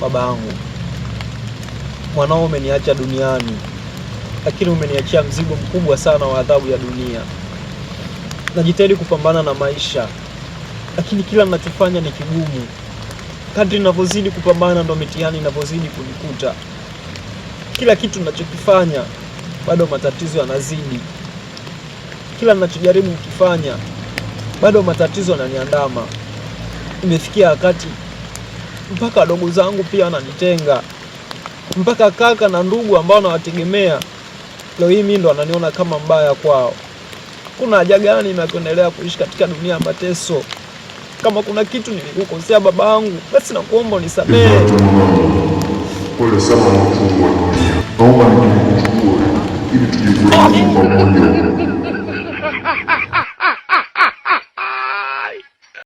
Baba yangu, mwanao umeniacha duniani, lakini umeniachia mzigo mkubwa sana wa adhabu ya dunia. Najitahidi kupambana na maisha, lakini kila ninachofanya ni kigumu. Kadri ninavyozidi kupambana, ndo mitihani inavyozidi kunikuta. Kila kitu ninachokifanya, bado matatizo yanazidi. Kila ninachojaribu kukifanya, bado matatizo yananiandama. Imefikia wakati mpaka wadogo zangu pia wananitenga, mpaka kaka na ndugu ambao nawategemea leo hii mimi ndo wananiona kama mbaya kwao. Kuna haja gani na kuendelea kuishi katika dunia ya mateso? Kama kuna kitu nilikukosea baba yangu, basi nakuomba unisamehe. Pole sana naomba nikuchukue ili tujikue pamoja.